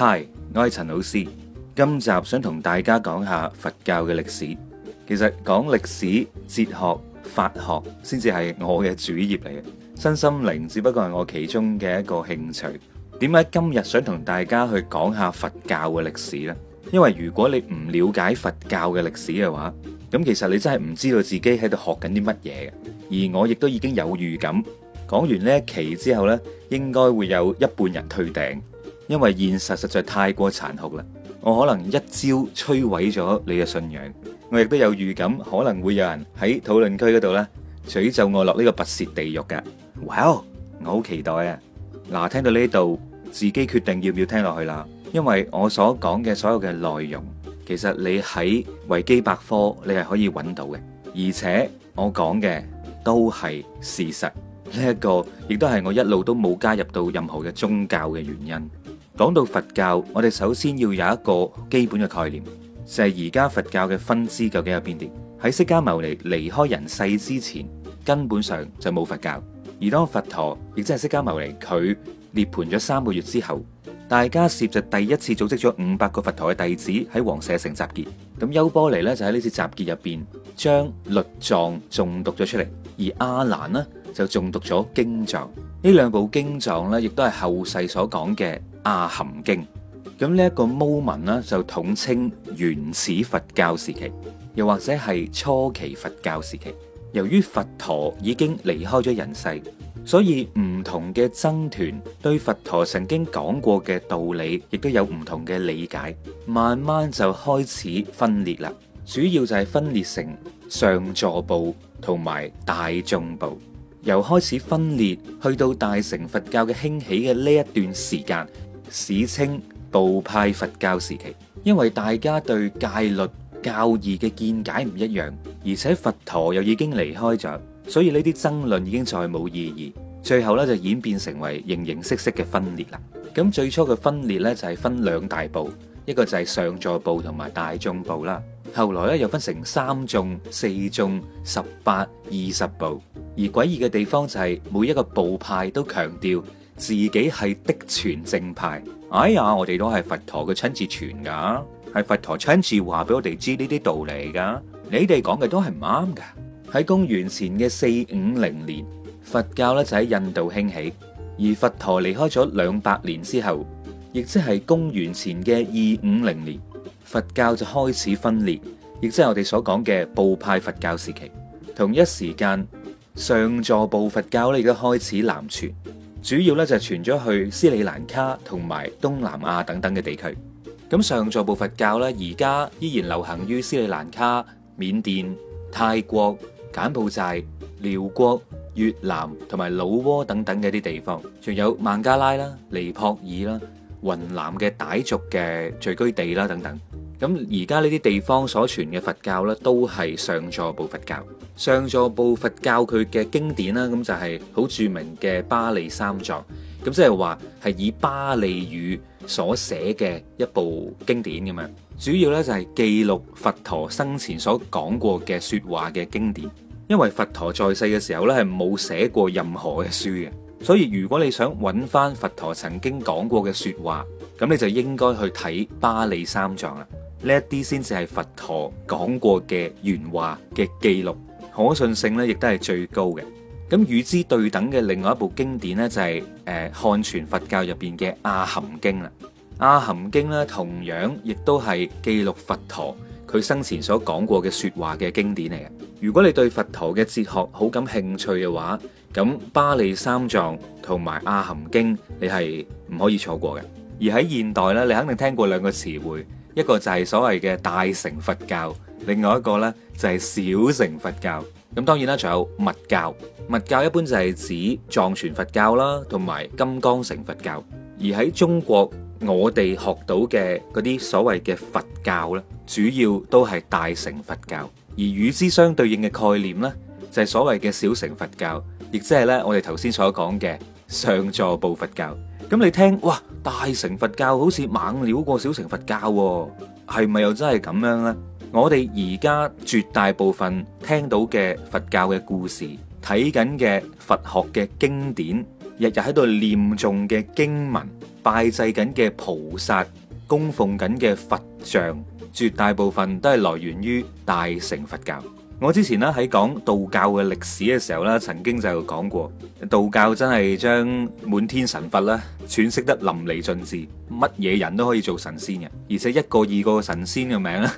嗨，Hi，我係陳老師。今集想同大家講下佛教嘅歷史。其實講歷史、哲學、法學先至係我嘅主業嚟嘅。身心靈只不過係我其中嘅一個興趣。點解今日想同大家去講下佛教嘅歷史呢？因為如果你唔了解佛教嘅歷史嘅話，咁其實你真係唔知道自己喺度學緊啲乜嘢。而我亦都已經有預感，講完呢一期之後呢，應該會有一半人退訂。因為現實實在太過殘酷啦，我可能一朝摧毀咗你嘅信仰。我亦都有預感，可能會有人喺討論區嗰度咧詛咒我落呢個拔舌地獄嘅。哇！我好期待啊！嗱，聽到呢度，自己決定要唔要聽落去啦。因為我所講嘅所有嘅內容，其實你喺維基百科你係可以揾到嘅，而且我講嘅都係事實。呢一個亦都係我一路都冇加入到任何嘅宗教嘅原因。講到佛教，我哋首先要有一個基本嘅概念，就係而家佛教嘅分支究竟有邊啲？喺釋迦牟尼離開人世之前，根本上就冇佛教。而當佛陀亦即係釋迦牟尼佢涅槃咗三個月之後，大家涉及第一次組織咗五百個佛陀嘅弟子喺王舍城集結。咁優波離呢，就喺呢次集結入邊，將律藏誦讀咗出嚟，而阿難呢就誦讀咗經藏。呢兩部經藏咧，亦都係後世所講嘅。阿含經，咁呢一個 moment 呢，就統稱原始佛教時期，又或者係初期佛教時期。由於佛陀已經離開咗人世，所以唔同嘅僧團對佛陀曾經講過嘅道理，亦都有唔同嘅理解。慢慢就開始分裂啦，主要就係分裂成上座部同埋大眾部。由開始分裂去到大乘佛教嘅興起嘅呢一段時間，史稱部派佛教時期，因為大家對戒律教義嘅見解唔一樣，而且佛陀又已經離開咗，所以呢啲爭論已經再冇意義。最後咧就演變成為形形色色嘅分裂啦。咁最初嘅分裂咧就係分兩大部，一個就係上座部同埋大眾部啦。後來咧又分成三眾、四眾、十八、二十部。而詭異嘅地方就係每一個部派都強調。自己係的傳正派，哎呀，我哋都係佛陀嘅親自傳噶，係佛陀親自話俾我哋知呢啲道理噶。你哋講嘅都係唔啱噶。喺公元前嘅四五零年，佛教咧就喺印度興起，而佛陀離開咗兩百年之後，亦即係公元前嘅二五零年，佛教就開始分裂，亦即係我哋所講嘅部派佛教時期。同一時間，上座部佛教咧亦都開始南傳。主要咧就傳咗去斯里蘭卡同埋東南亞等等嘅地區。咁上座部佛教咧，而家依然流行於斯里蘭卡、緬甸、泰國、柬埔寨、寮國、越南同埋老撾等等嘅啲地方，仲有孟加拉啦、尼泊爾啦、雲南嘅傣族嘅聚居地啦等等。咁而家呢啲地方所傳嘅佛教呢，都係上座部佛教。上座部佛教佢嘅經典啦，咁就係好著名嘅巴利三藏。咁即係話係以巴利語所寫嘅一部經典咁樣。主要呢就係記錄佛陀生前所講過嘅説話嘅經典。因為佛陀在世嘅時候呢係冇寫過任何嘅書嘅，所以如果你想揾翻佛陀曾經講過嘅説話，咁你就應該去睇巴利三藏啦。呢一啲先至係佛陀講過嘅原話嘅記錄，可信性咧，亦都係最高嘅。咁與之對等嘅另外一部經典咧就係、是、誒、呃、漢傳佛教入邊嘅《阿含經》啦，《阿含經》咧同樣亦都係記錄佛陀佢生前所講過嘅説話嘅經典嚟嘅。如果你對佛陀嘅哲學好感興趣嘅話，咁巴利三藏同埋《阿含經》，你係唔可以錯過嘅。而喺現代咧，你肯定聽過兩個詞彙。一個就係所謂嘅大乘佛教，另外一個呢就係小乘佛教。咁當然啦，仲有密教。密教一般就係指藏傳佛教啦，同埋金剛乘佛教。而喺中國，我哋學到嘅嗰啲所謂嘅佛教呢，主要都係大乘佛教。而與之相對應嘅概念呢，就係所謂嘅小乘佛教，亦即係呢我哋頭先所講嘅上座部佛教。咁你聽哇！大乘佛教好似猛料過小乘佛教喎，係咪又真係咁樣呢？我哋而家絕大部分聽到嘅佛教嘅故事、睇緊嘅佛學嘅經典、日日喺度念誦嘅經文、拜祭緊嘅菩薩、供奉緊嘅佛像，絕大部分都係來源於大乘佛教。我之前咧喺講道教嘅歷史嘅時候咧，曾經就講過道教真係將滿天神佛咧詮釋得淋漓盡致，乜嘢人都可以做神仙嘅，而且一個二個神仙嘅名咧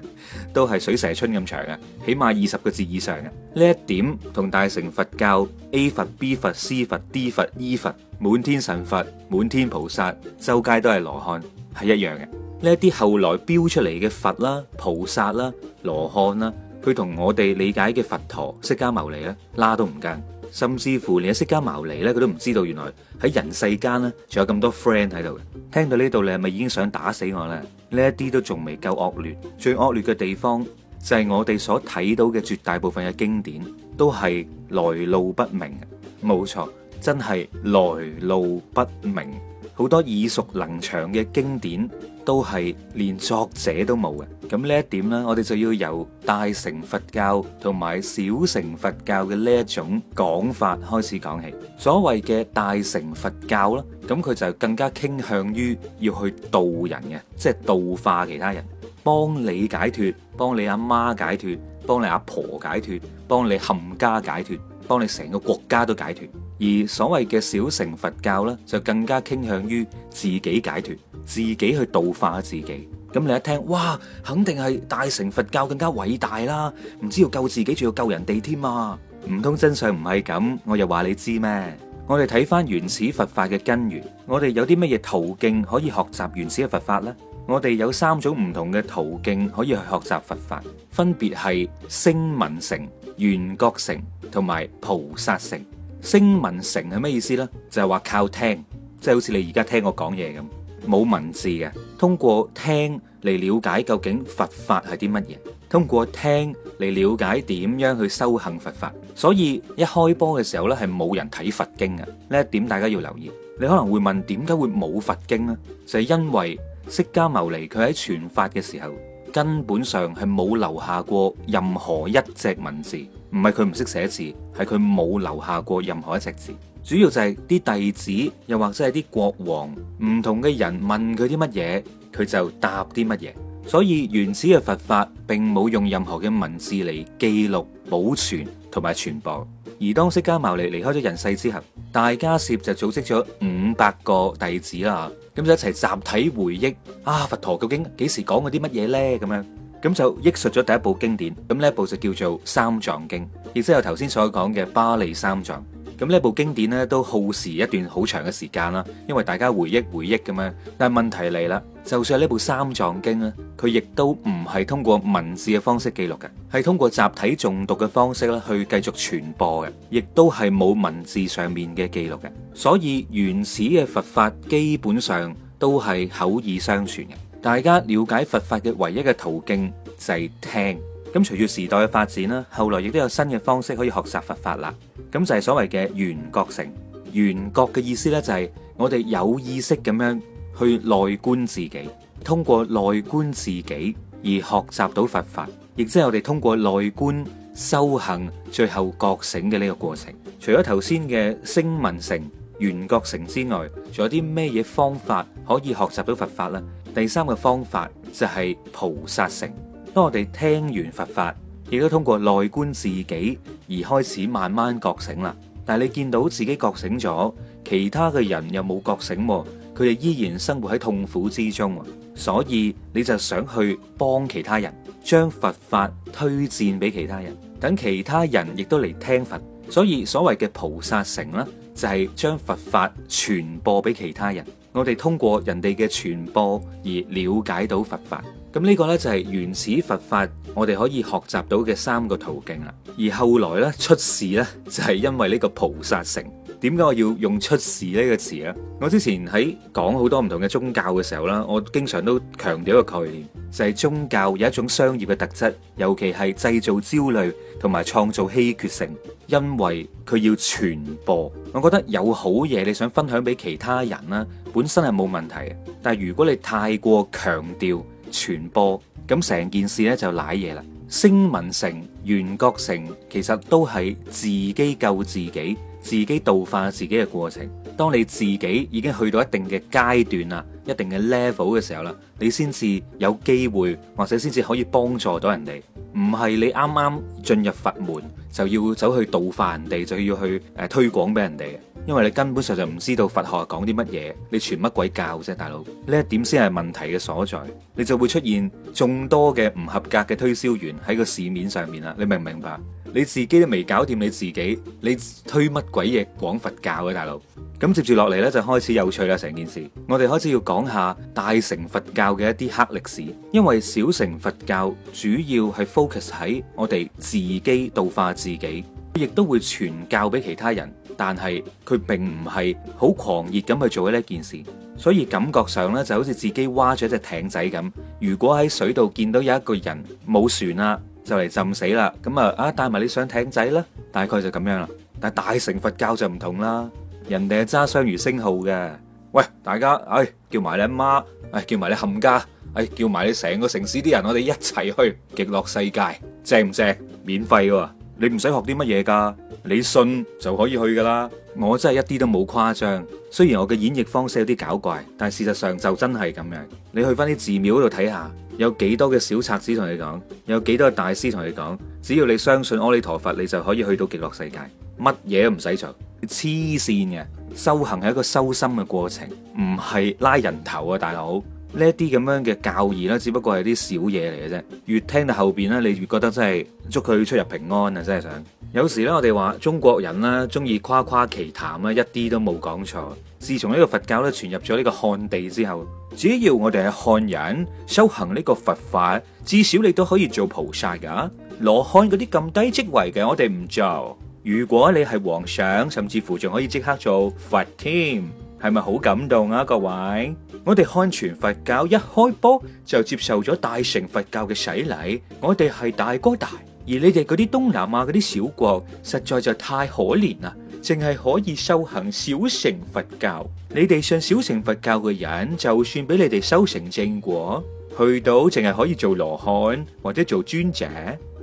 都係水蛇春咁長嘅，起碼二十個字以上嘅。呢一點同大乘佛教 A 佛 B 佛 C 佛 D 佛 E 佛滿天神佛滿天菩薩周街都係羅漢係一樣嘅。呢一啲後來標出嚟嘅佛啦、菩薩啦、羅漢啦。佢同我哋理解嘅佛陀釋迦牟尼咧拉都唔跟，甚至乎連釋迦牟尼咧佢都唔知道原來喺人世間咧仲有咁多 friend 喺度嘅。聽到呢度你係咪已經想打死我咧？呢一啲都仲未夠惡劣，最惡劣嘅地方就係、是、我哋所睇到嘅絕大部分嘅經典都係來路不明，冇錯，真係來路不明。好多耳熟能詳嘅經典。都係連作者都冇嘅，咁呢一點呢，我哋就要由大乘佛教同埋小乘佛教嘅呢一種講法開始講起。所謂嘅大乘佛教啦，咁佢就更加傾向於要去度人嘅，即係度化其他人，幫你解脫，幫你阿媽解脫，幫你阿婆解脫，幫你冚家解脫，幫你成個國家都解脫。而所謂嘅小乘佛教咧，就更加傾向於自己解脫，自己去度化自己。咁你一聽，哇，肯定係大乘佛教更加偉大啦。唔只要救自己，仲要救人哋添啊！唔通真相唔係咁？我又話你知咩？我哋睇翻原始佛法嘅根源，我哋有啲乜嘢途徑可以學習原始嘅佛法呢？我哋有三種唔同嘅途徑可以去學習佛法，分別係聲聞乘、緣覺乘同埋菩薩乘。聲聞乘係咩意思呢？就係話靠聽，即係好似你而家聽我講嘢咁，冇文字嘅，通過聽嚟了解究竟佛法係啲乜嘢，通過聽嚟了解點樣去修行佛法。所以一開波嘅時候呢，係冇人睇佛經嘅，呢一點大家要留意。你可能會問，「點解會冇佛經呢？」就係因為釋迦牟尼佢喺傳法嘅時候，根本上係冇留下過任何一隻文字。唔係佢唔識寫字，係佢冇留下過任何一隻字。主要就係啲弟子，又或者係啲國王，唔同嘅人問佢啲乜嘢，佢就答啲乜嘢。所以原始嘅佛法並冇用任何嘅文字嚟記錄、保存同埋傳播。而當釋迦牟尼離開咗人世之後，大迦葉就組織咗五百個弟子啦，咁就一齊集體回憶阿佛陀究竟幾時講過啲乜嘢呢？咁樣。咁就譯述咗第一部經典，咁呢一部就叫做《三藏經》，亦即係我頭先所講嘅巴利三藏。咁呢部經典呢，都耗時一段好長嘅時間啦，因為大家回憶回憶咁樣。但係問題嚟啦，就算係呢部《三藏經》呢，佢亦都唔係通過文字嘅方式記錄嘅，係通過集體誦讀嘅方式咧去繼續傳播嘅，亦都係冇文字上面嘅記錄嘅。所以原始嘅佛法基本上都係口耳相傳嘅。大家了解佛法嘅唯一嘅途徑就係聽。咁隨住時代嘅發展啦，後來亦都有新嘅方式可以學習佛法啦。咁就係所謂嘅緣覺乘。緣覺嘅意思呢，就係我哋有意識咁樣去內觀自己，通過內觀自己而學習到佛法，亦即係我哋通過內觀修行最後覺醒嘅呢個過程。除咗頭先嘅聲聞乘、緣覺乘之外，仲有啲咩嘢方法可以學習到佛法呢？第三個方法就係菩薩乘。當我哋聽完佛法，亦都通過內觀自己而開始慢慢覺醒啦。但係你見到自己覺醒咗，其他嘅人又冇覺醒，佢哋依然生活喺痛苦之中。所以你就想去幫其他人，將佛法推薦俾其他人，等其他人亦都嚟聽佛。所以所謂嘅菩薩乘呢，就係將佛法傳播俾其他人。我哋通過人哋嘅傳播而了解到佛法，咁呢個呢，就係原始佛法，我哋可以學習到嘅三個途徑啦。而後來呢，出事呢，就係因為呢個菩薩性。點解我要用「出事」呢個詞呢？我之前喺講好多唔同嘅宗教嘅時候呢，我經常都強調一個概念，就係宗教有一種商業嘅特質，尤其係製造焦慮同埋創造稀缺性，因為佢要傳播。我覺得有好嘢你想分享俾其他人啦。本身係冇問題嘅，但係如果你太過強調傳播，咁成件事咧就瀨嘢啦。聲聞乘、緣覺乘，其實都係自己救自己、自己度化自己嘅過程。當你自己已經去到一定嘅階段啦、一定嘅 level 嘅時候啦，你先至有機會，或者先至可以幫助到人哋。唔係你啱啱進入佛門就要走去度化人哋，就要去誒推廣俾人哋。因為你根本上就唔知道佛學講啲乜嘢，你傳乜鬼教啫，大佬？呢一點先係問題嘅所在，你就會出現眾多嘅唔合格嘅推銷員喺個市面上面啦。你明唔明白？你自己都未搞掂你自己，你推乜鬼嘢講佛教呀大佬？咁、嗯、接住落嚟呢，就開始有趣啦，成件事。我哋開始要講下大乘佛教嘅一啲黑歷史，因為小乘佛教主要係 focus 喺我哋自己度化自己。佢亦都會傳教俾其他人，但係佢並唔係好狂熱咁去做呢一件事，所以感覺上呢就好似自己挖咗隻艇仔咁。如果喺水度見到有一個人冇船啦，就嚟浸死啦，咁啊啊帶埋你上艇仔啦，大概就咁樣啦。但係大乘佛教就唔同啦，人哋係揸雙魚星號嘅，喂大家，哎叫埋你阿媽，哎叫埋你冚家，哎叫埋你成個城市啲人，我哋一齊去極樂世界，正唔正？免費嘅。你唔使學啲乜嘢噶，你信就可以去噶啦。我真係一啲都冇誇張，雖然我嘅演繹方式有啲搞怪，但事實上就真係咁樣。你去翻啲寺廟嗰度睇下，有幾多嘅小冊子同你講，有幾多大師同你講，只要你相信阿彌陀佛，你就可以去到極樂世界，乜嘢都唔使做。你黐線嘅！修行係一個修心嘅過程，唔係拉人頭啊，大佬。呢一啲咁樣嘅教義咧，只不過係啲小嘢嚟嘅啫。越聽到後邊咧，你越覺得真係祝佢出入平安啊！真係想。有時呢，我哋話中國人啦，中意誇誇其談啦，一啲都冇講錯。自從呢個佛教咧傳入咗呢個漢地之後，只要我哋係漢人修行呢個佛法，至少你都可以做菩薩㗎。羅漢嗰啲咁低職位嘅，我哋唔做。如果你係皇上，甚至乎仲可以即刻做佛添，係咪好感動啊？各位。我哋漢傳佛教一開波就接受咗大乘佛教嘅洗禮，我哋係大哥大，而你哋嗰啲東南亞嗰啲小國實在就太可憐啦，淨係可以修行小乘佛教。你哋信小乘佛教嘅人，就算俾你哋修成正果，去到淨係可以做羅漢或者做尊者。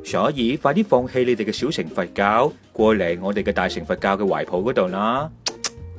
所以快啲放棄你哋嘅小乘佛教，過嚟我哋嘅大乘佛教嘅懷抱嗰度啦！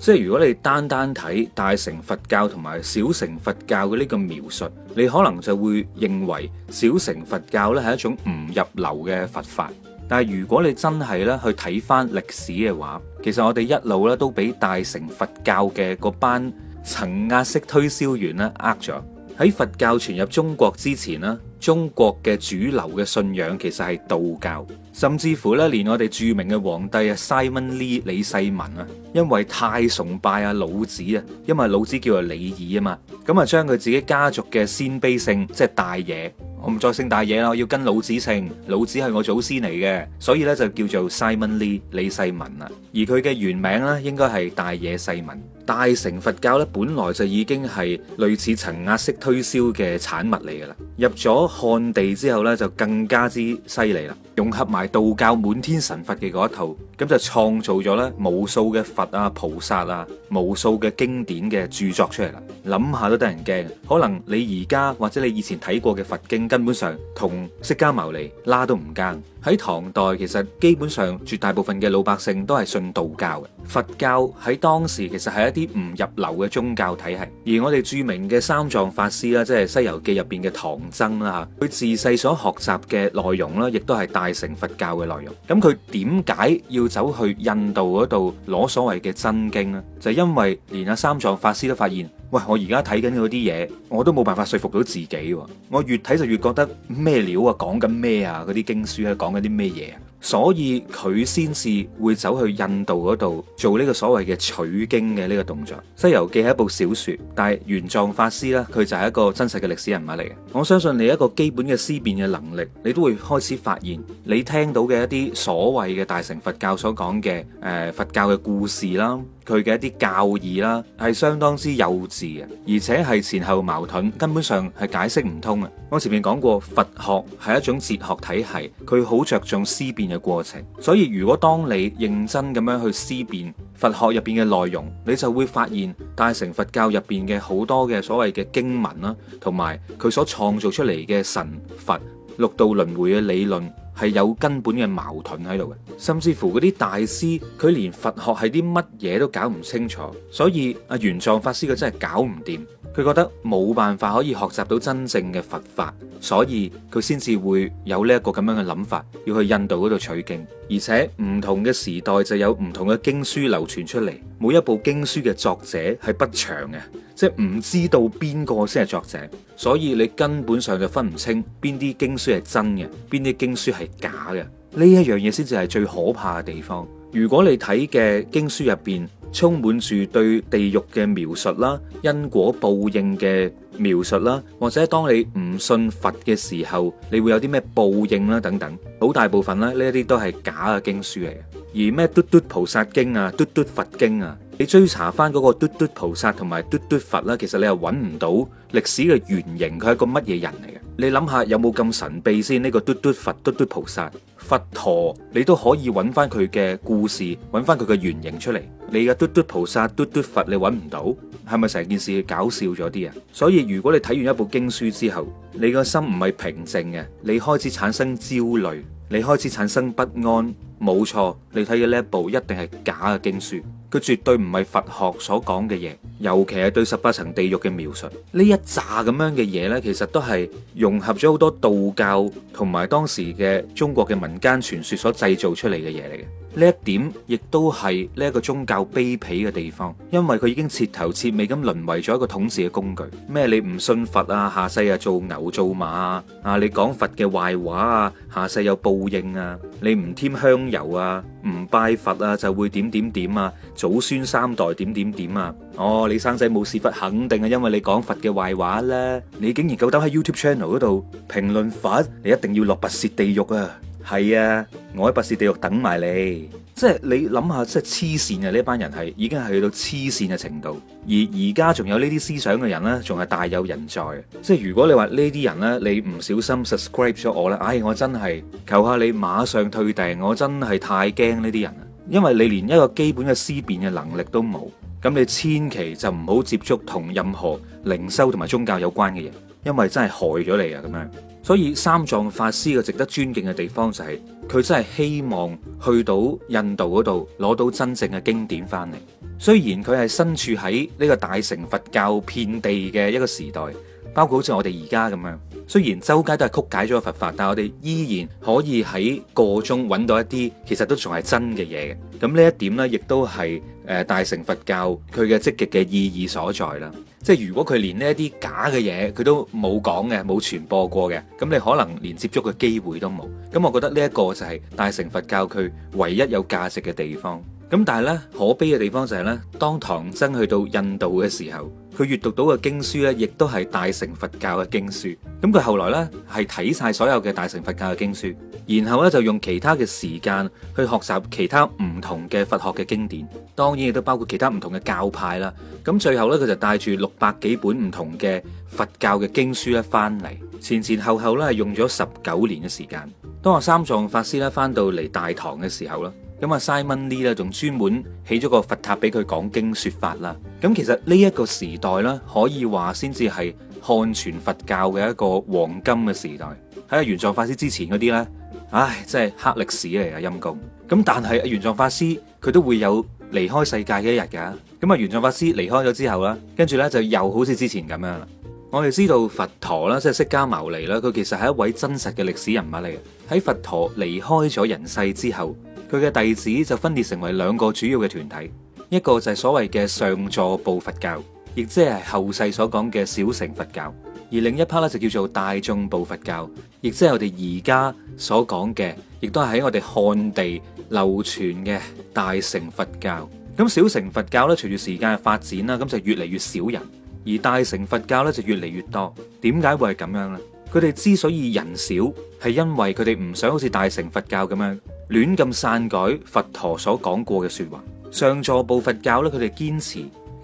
即係，如果你單單睇大乘佛教同埋小乘佛教嘅呢個描述，你可能就會認為小乘佛教呢係一種唔入流嘅佛法。但係如果你真係呢去睇返歷史嘅話，其實我哋一路呢都俾大乘佛教嘅嗰班層壓式推銷員呢呃咗。喺佛教傳入中國之前呢。中國嘅主流嘅信仰其實係道教，甚至乎咧連我哋著名嘅皇帝啊 Simon Lee 李世民啊。因為太崇拜啊老子啊，因為老子叫做李耳啊嘛，咁啊將佢自己家族嘅鮮卑姓即係大野，我唔再姓大野啦，我要跟老子姓，老子係我祖先嚟嘅。所以咧就叫做 Simon Lee 李世民啊，而佢嘅原名咧應該係大野世民。大乘佛教咧本來就已經係類似層壓式推銷嘅產物嚟噶啦，入咗漢地之後咧，就更加之犀利啦！融合埋道教滿天神佛嘅嗰一套，咁就創造咗咧無數嘅佛啊、菩薩啊、無數嘅經典嘅著作出嚟啦。諗下都得人驚，可能你而家或者你以前睇過嘅佛經，根本上同釋迦牟尼拉都唔間。喺唐代，其實基本上絕大部分嘅老百姓都係信道教嘅。佛教喺當時其實係一啲唔入流嘅宗教體系。而我哋著名嘅三藏法師啦，即係《西遊記》入邊嘅唐僧啦，佢自細所學習嘅內容啦，亦都係大乘佛教嘅內容。咁佢點解要走去印度嗰度攞所謂嘅真經呢？就係、因為連阿三藏法師都發現。喂，我而家睇緊嗰啲嘢，我都冇辦法說服到自己喎。我越睇就越覺得咩料啊，講緊咩啊，嗰啲經書咧講緊啲咩嘢啊？所以佢先至會走去印度嗰度做呢個所謂嘅取經嘅呢個動作。西遊記係一部小說，但係玄奘法師咧，佢就係一個真實嘅歷史人物嚟嘅。我相信你一個基本嘅思辨嘅能力，你都會開始發現你聽到嘅一啲所謂嘅大乘佛教所講嘅誒佛教嘅故事啦，佢嘅一啲教義啦，係相當之幼稚嘅，而且係前後矛盾，根本上係解釋唔通嘅。我前面講過，佛學係一種哲學體系，佢好着重思辨。嘅過程，所以如果當你認真咁樣去思辨佛學入邊嘅內容，你就會發現大乘佛教入邊嘅好多嘅所謂嘅經文啦，同埋佢所創造出嚟嘅神佛六道輪回嘅理論係有根本嘅矛盾喺度嘅，甚至乎嗰啲大師佢連佛學係啲乜嘢都搞唔清楚，所以阿玄奘法師佢真係搞唔掂。佢覺得冇辦法可以學習到真正嘅佛法，所以佢先至會有呢一個咁樣嘅諗法，要去印度嗰度取經。而且唔同嘅時代就有唔同嘅經書流傳出嚟，每一部經書嘅作者係不詳嘅，即係唔知道邊個先係作者，所以你根本上就分唔清邊啲經書係真嘅，邊啲經書係假嘅。呢一樣嘢先至係最可怕嘅地方。如果你睇嘅經書入邊，充滿住對地獄嘅描述啦，因果報應嘅描述啦，或者當你唔信佛嘅時候，你會有啲咩報應啦等等，好大部分啦，呢一啲都係假嘅經書嚟嘅。而咩嘟嘟菩薩經啊，嘟嘟佛經啊，你追查翻嗰個嘟嘟菩薩同埋嘟嘟佛啦，其實你又搵唔到歷史嘅原型，佢係個乜嘢人嚟嘅？你諗下有冇咁神秘先？呢個嘟嘟佛、嘟嘟菩薩、佛陀，你都可以搵翻佢嘅故事，搵翻佢嘅原型出嚟。你嘅嘟嘟菩薩、嘟嘟佛，你搵唔到，係咪成件事搞笑咗啲啊？所以如果你睇完一部經書之後，你個心唔係平靜嘅，你開始產生焦慮，你開始產生不安，冇錯，你睇嘅呢一部一定係假嘅經書。佢絕對唔係佛學所講嘅嘢，尤其係對十八層地獄嘅描述，呢一紮咁樣嘅嘢呢，其實都係融合咗好多道教同埋當時嘅中國嘅民間傳說所製造出嚟嘅嘢嚟嘅。呢一點亦都係呢一個宗教卑鄙嘅地方，因為佢已經徹頭徹尾咁淪為咗一個統治嘅工具。咩你唔信佛啊，下世啊做牛做馬啊，啊你講佛嘅壞話啊，下世有報應啊，你唔添香油啊，唔拜佛啊，就會點點點啊，祖孫三代點點點啊。哦，你生仔冇屎忽肯定係、啊、因為你講佛嘅壞話啦、啊。你竟然夠膽喺 YouTube channel 嗰度評論佛，你一定要落拔舌地獄啊！係啊，我喺拔舌地獄等埋你，即係你諗下，即係黐線嘅呢班人係，已經係去到黐線嘅程度。而而家仲有呢啲思想嘅人呢，仲係大有人在。即係如果你話呢啲人呢，你唔小心 subscribe 咗我咧，唉、哎，我真係求下你馬上退訂，我真係太驚呢啲人啊！因為你連一個基本嘅思辨嘅能力都冇，咁你千祈就唔好接觸同任何靈修同埋宗教有關嘅嘢，因為真係害咗你啊！咁樣。所以三藏法師嘅值得尊敬嘅地方就係，佢真係希望去到印度嗰度攞到真正嘅經典翻嚟。雖然佢係身處喺呢個大乘佛教遍地嘅一個時代，包括好似我哋而家咁樣。雖然周街都係曲解咗佛法，但係我哋依然可以喺個中揾到一啲其實都仲係真嘅嘢嘅。咁呢一點呢，亦都係誒大乘佛教佢嘅積極嘅意義所在啦。即係如果佢連呢一啲假嘅嘢佢都冇講嘅、冇傳播過嘅，咁你可能連接觸嘅機會都冇。咁我覺得呢一個就係大乘佛教佢唯一有價值嘅地方。咁但係呢，可悲嘅地方就係呢：當唐僧去到印度嘅時候。佢閱讀到嘅經書咧，亦都係大乘佛教嘅經書。咁佢後來咧，係睇晒所有嘅大乘佛教嘅經書，然後咧，就用其他嘅時間去學習其他唔同嘅佛學嘅經典，當然亦都包括其他唔同嘅教派啦。咁最後咧，佢就帶住六百幾本唔同嘅佛教嘅經書咧翻嚟，前前後後咧，係用咗十九年嘅時間。當阿三藏法師咧翻到嚟大唐嘅時候咧。咁啊，Simon Lee 咧，仲專門起咗個佛塔俾佢講經說法啦。咁其實呢一個時代咧，可以話先至係漢傳佛教嘅一個黃金嘅時代。喺啊玄奘法師之前嗰啲咧，唉，真係黑歷史嚟啊，陰公。咁但係啊玄奘法師，佢都會有離開世界嘅一日㗎。咁啊，玄奘法師離開咗之後啦，跟住咧就又好似之前咁樣啦。我哋知道佛陀啦，即係釋迦牟尼啦，佢其實係一位真實嘅歷史人物嚟嘅。喺佛陀離開咗人世之後，佢嘅弟子就分裂成為兩個主要嘅團體，一個就係所謂嘅上座部佛教，亦即係後世所講嘅小乘佛教；而另一 part 咧就叫做大眾部佛教，亦即係我哋而家所講嘅，亦都係喺我哋漢地流傳嘅大乘佛教。咁小乘佛教咧，隨住時間嘅發展啦，咁就越嚟越少人；而大乘佛教咧就越嚟越多。點解會係咁樣呢？佢哋之所以人少，係因為佢哋唔想好似大乘佛教咁樣亂咁篡改佛陀所講過嘅說話。上座部佛教咧，佢哋堅持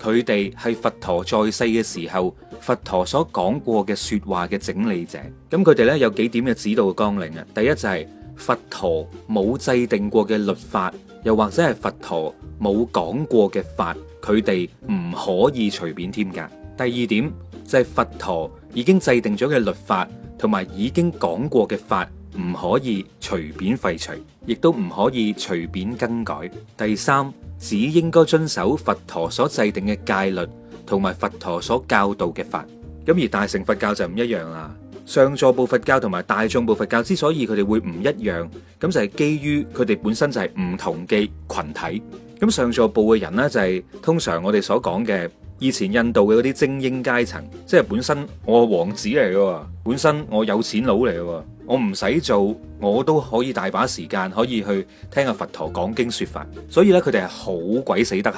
佢哋係佛陀在世嘅時候，佛陀所講過嘅說話嘅整理者。咁佢哋咧有幾點嘅指導綱領啊？第一就係佛陀冇制定過嘅律法，又或者係佛陀冇講過嘅法，佢哋唔可以隨便添加。第二點就係佛陀。已經制定咗嘅律法，同埋已經講過嘅法，唔可以隨便廢除，亦都唔可以隨便更改。第三，只應該遵守佛陀所制定嘅戒律，同埋佛陀所教導嘅法。咁而大乘佛教就唔一樣啦。上座部佛教同埋大眾部佛教之所以佢哋會唔一樣，咁就係基於佢哋本身就係唔同嘅群體。咁上座部嘅人呢，就係通常我哋所講嘅。以前印度嘅嗰啲精英階層，即係本身我係王子嚟嘅，本身我有錢佬嚟嘅，我唔使做，我都可以大把時間可以去聽阿佛陀講經説法，所以咧佢哋係好鬼死得下得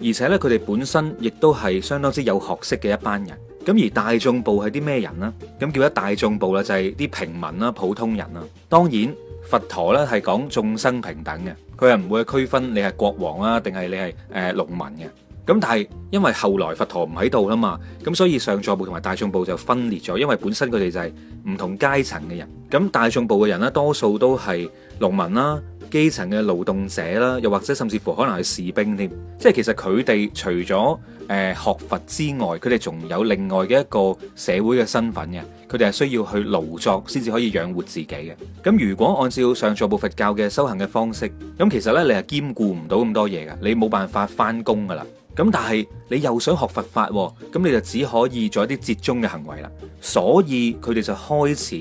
閒嘅，而且咧佢哋本身亦都係相當之有學識嘅一班人。咁而大眾部係啲咩人呢？咁叫咗大眾部啦，就係、是、啲平民啦、普通人啦。當然佛陀咧係講眾生平等嘅，佢係唔會區分你係國王啊定係你係誒、呃、農民嘅。咁但係因為後來佛陀唔喺度啦嘛，咁所以上座部同埋大眾部就分裂咗。因為本身佢哋就係唔同階層嘅人，咁大眾部嘅人呢多數都係農民啦、基層嘅勞動者啦，又或者甚至乎可能係士兵添。即係其實佢哋除咗誒學佛之外，佢哋仲有另外嘅一個社會嘅身份嘅，佢哋係需要去勞作先至可以養活自己嘅。咁如果按照上座部佛教嘅修行嘅方式，咁其實呢你係兼顧唔到咁多嘢嘅，你冇辦法返工㗎喇。咁但係你又想學佛法，咁你就只可以做一啲折中嘅行為啦。所以佢哋就開始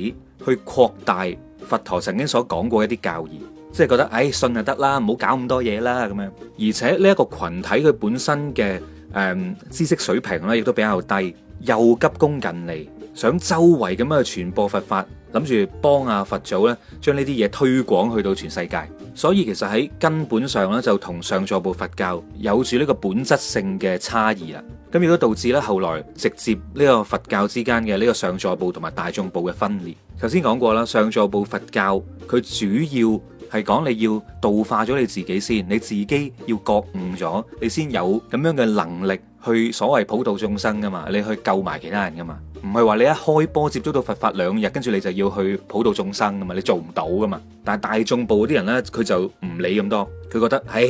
去擴大佛陀曾經所講過一啲教義，即係覺得唉信就得啦，唔好搞咁多嘢啦咁樣。而且呢一個群體佢本身嘅誒知識水平咧，亦都比較低，又急功近利，想周圍咁樣去傳播佛法。諗住幫阿佛祖咧，將呢啲嘢推廣去到全世界，所以其實喺根本上咧，就同上座部佛教有住呢個本質性嘅差異啦。咁亦都導致咧後來直接呢個佛教之間嘅呢個上座部同埋大眾部嘅分裂。頭先講過啦，上座部佛教佢主要係講你要度化咗你自己先，你自己要覺悟咗，你先有咁樣嘅能力。去所謂普度眾生噶嘛，你去救埋其他人噶嘛，唔係話你一開波接觸到佛法兩日，跟住你就要去普度眾生噶嘛，你做唔到噶嘛。但係大眾部啲人呢，佢就唔理咁多，佢覺得，唉，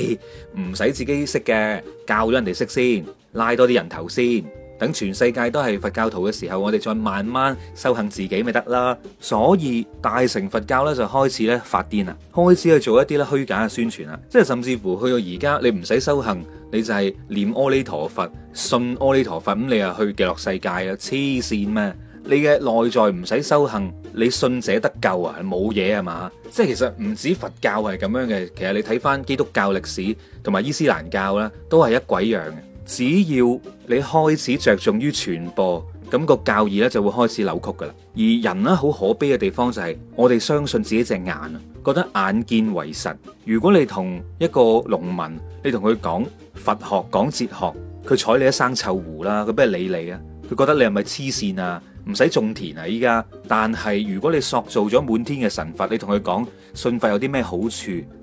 唔、哎、使自己識嘅，教咗人哋識先，拉多啲人頭先。等全世界都係佛教徒嘅時候，我哋再慢慢修行自己咪得啦。所以大乘佛教咧就開始咧發癲啦，開始去做一啲咧虛假嘅宣傳啦。即係甚至乎去到而家，你唔使修行，你就係念阿彌陀佛、信阿彌陀佛，咁你就去極樂世界啦。黐線咩？你嘅內在唔使修行，你信者得救啊？冇嘢呀嘛？即係其實唔止佛教係咁樣嘅，其實你睇翻基督教歷史同埋伊斯蘭教啦，都係一鬼樣嘅。只要你開始着重於傳播，咁個教義咧就會開始扭曲噶啦。而人呢，好可悲嘅地方就係，我哋相信自己隻眼啊，覺得眼見為實。如果你同一個農民，你同佢講佛學講哲學，佢睬你一生臭狐啦，佢咩理你啊？佢覺得你係咪黐線啊？唔使種田啊！依家，但係如果你塑造咗滿天嘅神佛，你同佢講。信佛有啲咩好處？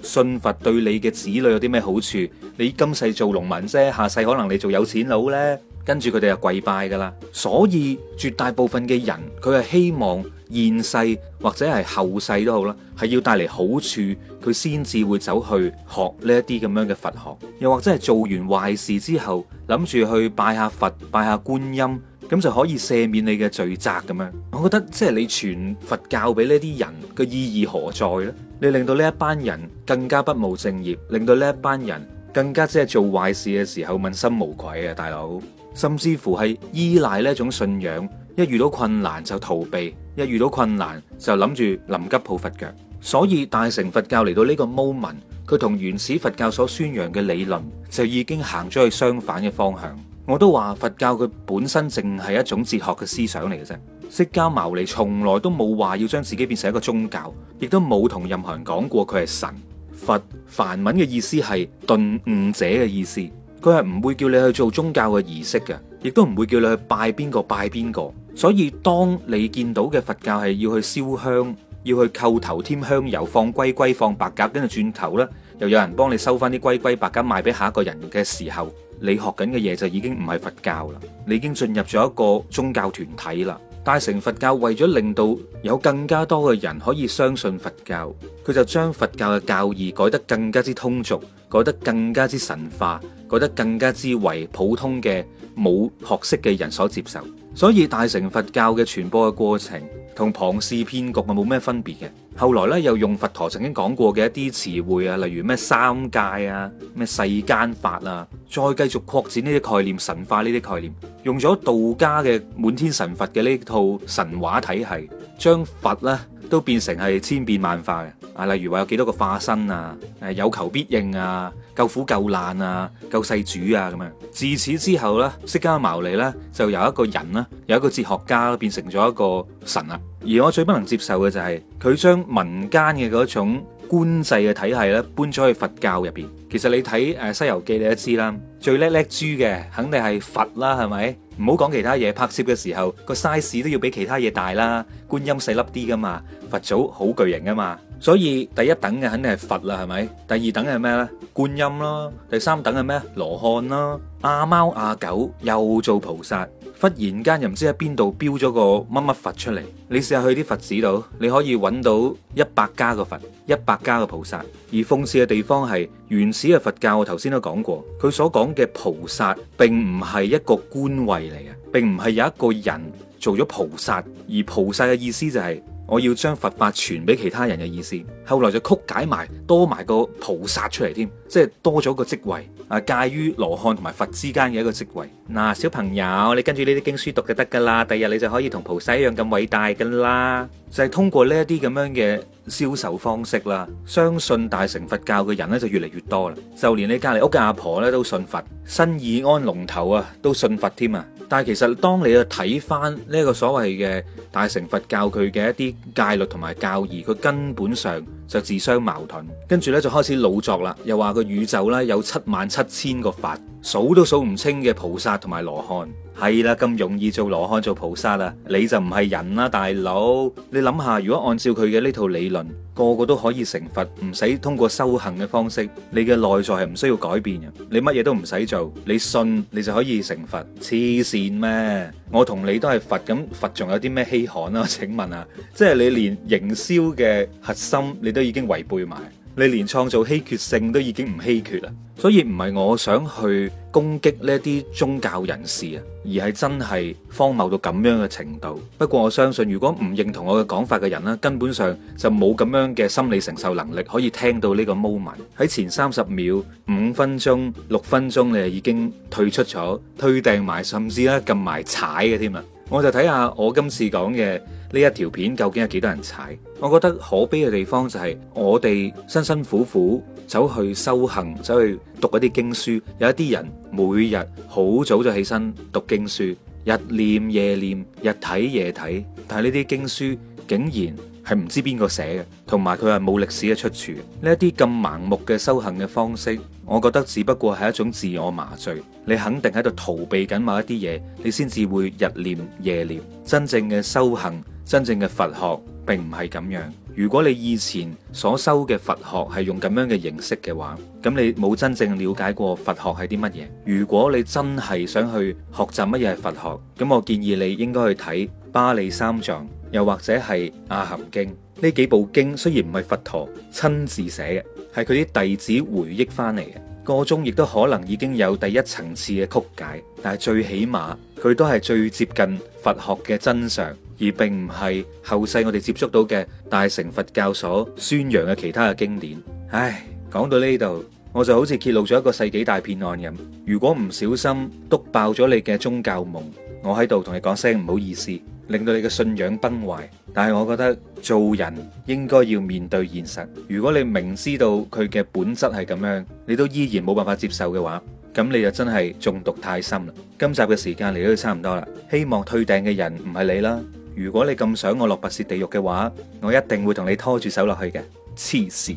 信佛對你嘅子女有啲咩好處？你今世做農民啫，下世可能你做有錢佬呢，跟住佢哋就跪拜噶啦。所以絕大部分嘅人，佢係希望現世或者係後世都好啦，係要帶嚟好處，佢先至會走去學呢一啲咁樣嘅佛學，又或者係做完壞事之後，諗住去拜下佛，拜下觀音。咁就可以赦免你嘅罪責咁樣，我覺得即係你傳佛教俾呢啲人嘅意義何在呢？你令到呢一班人更加不務正業，令到呢一班人更加即係做壞事嘅時候問心無愧啊，大佬！甚至乎係依賴呢一種信仰，一遇到困難就逃避，一遇到困難就諗住臨急抱佛腳。所以大乘佛教嚟到呢個 moment，佢同原始佛教所宣揚嘅理論就已經行咗去相反嘅方向。我都話佛教佢本身淨係一種哲學嘅思想嚟嘅啫，釋迦牟尼從來都冇話要將自己變成一個宗教，亦都冇同任何人講過佢係神。佛，梵文嘅意思係頓悟者嘅意思，佢係唔會叫你去做宗教嘅儀式嘅，亦都唔會叫你去拜邊個拜邊個。所以當你見到嘅佛教係要去燒香，要去叩頭添香油，放龜龜放白鴿，跟住轉頭咧又有人幫你收翻啲龜龜白鴿賣俾下一個人嘅時候。你學緊嘅嘢就已經唔係佛教啦，你已經進入咗一個宗教團體啦。大乘佛教為咗令到有更加多嘅人可以相信佛教，佢就將佛教嘅教義改得更加之通俗，改得更加之神化，改得更加之為普通嘅冇學識嘅人所接受。所以大乘佛教嘅傳播嘅過程同龐氏騙局係冇咩分別嘅。後來咧，又用佛陀曾經講過嘅一啲詞彙啊，例如咩三界啊、咩世間法啊，再繼續擴展呢啲概念、神化呢啲概念，用咗道家嘅滿天神佛嘅呢套神話體系，將佛咧，都變成係千變萬化嘅啊！例如話有幾多個化身啊，誒、啊、有求必應啊！救苦救難啊！救世主啊咁樣啊！自此之後咧，釋迦牟尼咧就由一個人啦，由一個哲學家變成咗一個神啦。而我最不能接受嘅就係、是、佢將民間嘅嗰種官制嘅體系咧搬咗去佛教入邊。其實你睇誒《西遊記》你都知啦，最叻叻豬嘅肯定係佛啦，係咪？唔好講其他嘢，拍攝嘅時候個 size 都要比其他嘢大啦。觀音細粒啲噶嘛，佛祖好巨型噶嘛，所以第一等嘅肯定係佛啦，係咪？第二等係咩咧？觀音囉，第三等係咩？羅漢囉，阿貓阿狗又做菩薩。忽然間又唔知喺邊度標咗個乜乜佛出嚟，你試下去啲佛寺度，你可以揾到一百家個佛，一百家個菩薩。而諷刺嘅地方係原始嘅佛教，我頭先都講過，佢所講嘅菩薩並唔係一個官位嚟嘅，並唔係有一個人做咗菩薩，而菩薩嘅意思就係、是。我要將佛法傳俾其他人嘅意思，後來就曲解埋多埋個菩薩出嚟添，即係多咗個職位啊，介於羅漢同埋佛之間嘅一個職位。嗱、啊，小朋友，你跟住呢啲經書讀就得㗎啦，第日你就可以同菩薩一樣咁偉大㗎啦。就係通過呢一啲咁樣嘅銷售方式啦，相信大乘佛教嘅人咧就越嚟越多啦，就連你隔離屋嘅阿婆咧都信佛，新義安龍頭啊都信佛添啊！但係其實，當你去睇返呢一個所謂嘅大乘佛教佢嘅一啲戒律同埋教義，佢根本上就自相矛盾。跟住咧就開始老作啦，又話個宇宙咧有七萬七千個法。數都數唔清嘅菩薩同埋羅漢，係啦，咁容易做羅漢做菩薩啦？你就唔係人啦！啊，大佬！你諗下，如果按照佢嘅呢套理論，個個都可以成佛，唔使通過修行嘅方式，你嘅內在係唔需要改變嘅，你乜嘢都唔使做，你信你就可以成佛？黐綫咩？我同你都係佛，咁佛仲有啲咩稀罕啊？請問啊，即係你連營銷嘅核心你都已經違背埋。你連創造稀缺性都已經唔稀缺啦，所以唔係我想去攻擊呢一啲宗教人士啊，而係真係荒謬到咁樣嘅程度。不過我相信，如果唔認同我嘅講法嘅人呢，根本上就冇咁樣嘅心理承受能力，可以聽到呢個 moment 喺前三十秒，五分鐘、六分鐘，你就已經退出咗，退訂埋，甚至啦撳埋踩嘅添啦。我就睇下我今次講嘅呢一條片究竟有幾多人踩？我覺得可悲嘅地方就係，我哋辛辛苦苦走去修行，走去讀一啲經書，有一啲人每日好早就起身讀經書，日念夜念，日睇夜睇，但係呢啲經書竟然，係唔知邊個寫嘅，同埋佢係冇歷史嘅出處。呢一啲咁盲目嘅修行嘅方式，我覺得只不過係一種自我麻醉。你肯定喺度逃避緊某一啲嘢，你先至會日念夜念。真正嘅修行，真正嘅佛學，並唔係咁樣。如果你以前所修嘅佛學係用咁樣嘅形式嘅話，咁你冇真正了解過佛學係啲乜嘢。如果你真係想去學習乜嘢係佛學，咁我建議你應該去睇《巴利三藏》。又或者係《阿含經》呢幾部經，雖然唔係佛陀親自寫嘅，係佢啲弟子回憶翻嚟嘅，個中亦都可能已經有第一層次嘅曲解，但係最起碼佢都係最接近佛學嘅真相，而並唔係後世我哋接觸到嘅大乘佛教所宣揚嘅其他嘅經典。唉，講到呢度，我就好似揭露咗一個世紀大騙案咁，如果唔小心篤爆咗你嘅宗教夢。我喺度同你講聲唔好意思，令到你嘅信仰崩壞。但係我覺得做人應該要面對現實。如果你明知道佢嘅本質係咁樣，你都依然冇辦法接受嘅話，咁你就真係中毒太深啦。今集嘅時間嚟到差唔多啦，希望退訂嘅人唔係你啦。如果你咁想我落拔舌地獄嘅話，我一定會同你拖住手落去嘅，黐線！